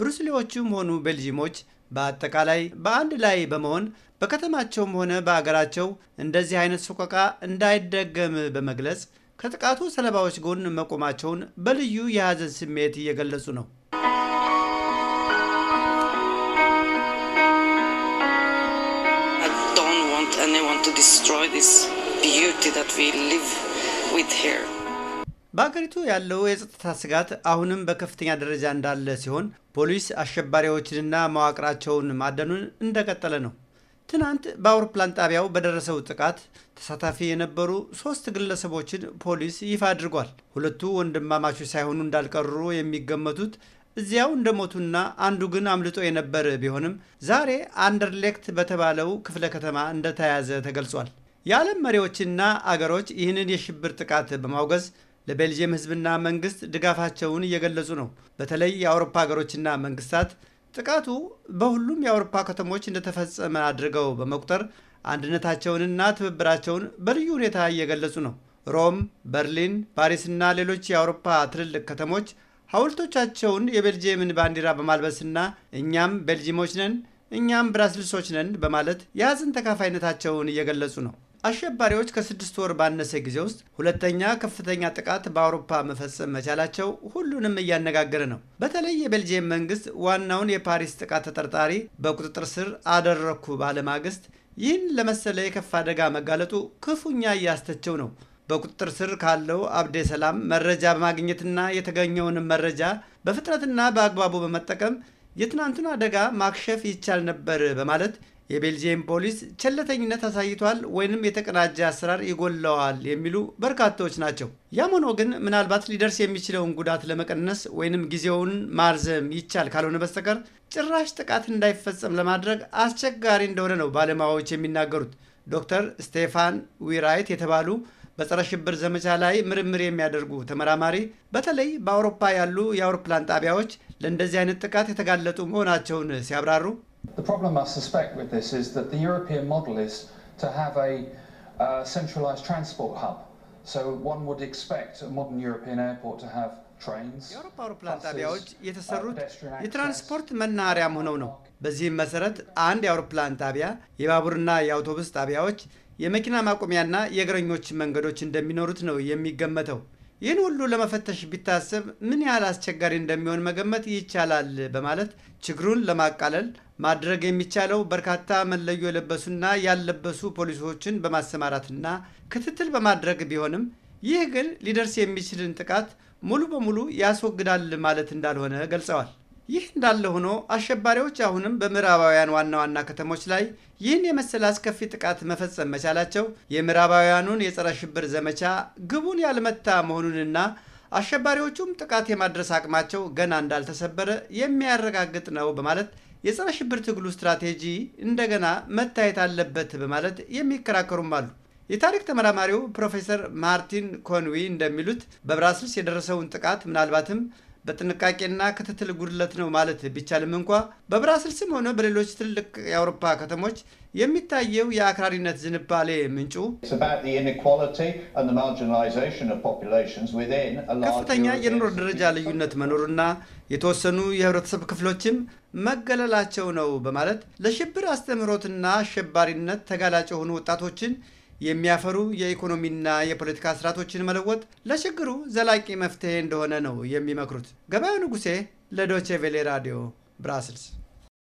ብሩስሌዎቹም ሆኑ ቤልዥሞች በአጠቃላይ በአንድ ላይ በመሆን በከተማቸውም ሆነ በአገራቸው እንደዚህ አይነት ሰቆቃ እንዳይደገም በመግለጽ ከጥቃቱ ሰለባዎች ጎን መቆማቸውን በልዩ የሐዘን ስሜት እየገለጹ ነው። በአገሪቱ ያለው የጸጥታ ስጋት አሁንም በከፍተኛ ደረጃ እንዳለ ሲሆን ፖሊስ አሸባሪዎችንና መዋቅራቸውን ማደኑን እንደቀጠለ ነው። ትናንት በአውሮፕላን ጣቢያው በደረሰው ጥቃት ተሳታፊ የነበሩ ሶስት ግለሰቦችን ፖሊስ ይፋ አድርጓል። ሁለቱ ወንድማማቾች ሳይሆኑ እንዳልቀሩ የሚገመቱት እዚያው እንደሞቱና አንዱ ግን አምልጦ የነበር ቢሆንም ዛሬ አንደርሌክት በተባለው ክፍለ ከተማ እንደተያዘ ተገልጿል። የዓለም መሪዎችና አገሮች ይህንን የሽብር ጥቃት በማውገዝ ለቤልጅየም ህዝብና መንግስት ድጋፋቸውን እየገለጹ ነው። በተለይ የአውሮፓ ሀገሮችና መንግስታት ጥቃቱ በሁሉም የአውሮፓ ከተሞች እንደተፈጸመ አድርገው በመቁጠር አንድነታቸውንና ትብብራቸውን በልዩ ሁኔታ እየገለጹ ነው። ሮም፣ በርሊን፣ ፓሪስና ሌሎች የአውሮፓ ትልልቅ ከተሞች ሐውልቶቻቸውን የቤልጅየምን ባንዲራ በማልበስና እኛም ቤልጅሞች ነን እኛም ብራስልሶች ነን በማለት የሐዘን ተካፋይነታቸውን እየገለጹ ነው። አሸባሪዎች ከስድስት ወር ባነሰ ጊዜ ውስጥ ሁለተኛ ከፍተኛ ጥቃት በአውሮፓ መፈጸም መቻላቸው ሁሉንም እያነጋገረ ነው። በተለይ የቤልጅየም መንግስት ዋናውን የፓሪስ ጥቃት ተጠርጣሪ በቁጥጥር ስር አደረግኩ ባለማግስት ይህን ለመሰለ የከፍ አደጋ መጋለጡ ክፉኛ እያስተቸው ነው። በቁጥጥር ስር ካለው አብዴ ሰላም መረጃ በማግኘትና የተገኘውንም መረጃ በፍጥነትና በአግባቡ በመጠቀም የትናንቱን አደጋ ማክሸፍ ይቻል ነበር በማለት የቤልጅየም ፖሊስ ቸለተኝነት አሳይቷል ወይንም የተቀናጀ አሰራር ይጎለዋል የሚሉ በርካታዎች ናቸው። ያም ሆኖ ግን ምናልባት ሊደርስ የሚችለውን ጉዳት ለመቀነስ ወይንም ጊዜውን ማርዘም ይቻል ካልሆነ በስተቀር ጭራሽ ጥቃት እንዳይፈጸም ለማድረግ አስቸጋሪ እንደሆነ ነው ባለሙያዎች የሚናገሩት። ዶክተር ስቴፋን ዊራይት የተባሉ በጸረ ሽብር ዘመቻ ላይ ምርምር የሚያደርጉ ተመራማሪ በተለይ በአውሮፓ ያሉ የአውሮፕላን ጣቢያዎች ለእንደዚህ አይነት ጥቃት የተጋለጡ መሆናቸውን ሲያብራሩ The problem I suspect with this is that the European model is to have a uh, centralised transport hub. So one would expect a modern European airport to have trains, buses, uh, pedestrian access, መናኸሪያም ሆነው በዚህም መሰረት አንድ የአውሮፕላን ጣቢያ፣ የባቡርና የአውቶቡስ ጣቢያዎች፣ የመኪና ማቆሚያና የእግረኞች መንገዶች እንደሚኖሩት ነው የሚገመተው። ይህን ሁሉ ለመፈተሽ ቢታሰብ ምን ያህል አስቸጋሪ እንደሚሆን መገመት ይቻላል በማለት ችግሩን ለማቃለል ማድረግ የሚቻለው በርካታ መለዮ የለበሱና ያልለበሱ ፖሊሶችን በማሰማራትና ክትትል በማድረግ ቢሆንም ይህ ግን ሊደርስ የሚችልን ጥቃት ሙሉ በሙሉ ያስወግዳል ማለት እንዳልሆነ ገልጸዋል። ይህ እንዳለ ሆኖ አሸባሪዎች አሁንም በምዕራባውያን ዋና ዋና ከተሞች ላይ ይህን የመሰለ አስከፊ ጥቃት መፈጸም መቻላቸው የምዕራባውያኑን የጸረ ሽብር ዘመቻ ግቡን ያልመታ መሆኑንና አሸባሪዎቹም ጥቃት የማድረስ አቅማቸው ገና እንዳልተሰበረ የሚያረጋግጥ ነው በማለት የጸረ ሽብር ትግሉ ስትራቴጂ እንደገና መታየት አለበት በማለት የሚከራከሩም አሉ። የታሪክ ተመራማሪው ፕሮፌሰር ማርቲን ኮንዊ እንደሚሉት በብራስልስ የደረሰውን ጥቃት ምናልባትም በጥንቃቄና ክትትል ጉድለት ነው ማለት ቢቻልም እንኳ በብራስልስም ሆነ በሌሎች ትልልቅ የአውሮፓ ከተሞች የሚታየው የአክራሪነት ዝንባሌ ምንጩ ከፍተኛ የኑሮ ደረጃ ልዩነት መኖሩና የተወሰኑ የህብረተሰብ ክፍሎችም መገለላቸው ነው በማለት ለሽብር አስተምህሮትና አሸባሪነት ተጋላጭ የሆኑ ወጣቶችን የሚያፈሩ የኢኮኖሚና የፖለቲካ ስርዓቶችን መለወጥ ለችግሩ ዘላቂ መፍትሄ እንደሆነ ነው የሚመክሩት። ገበያው ንጉሴ ለዶቼ ቬሌ ራዲዮ ብራስልስ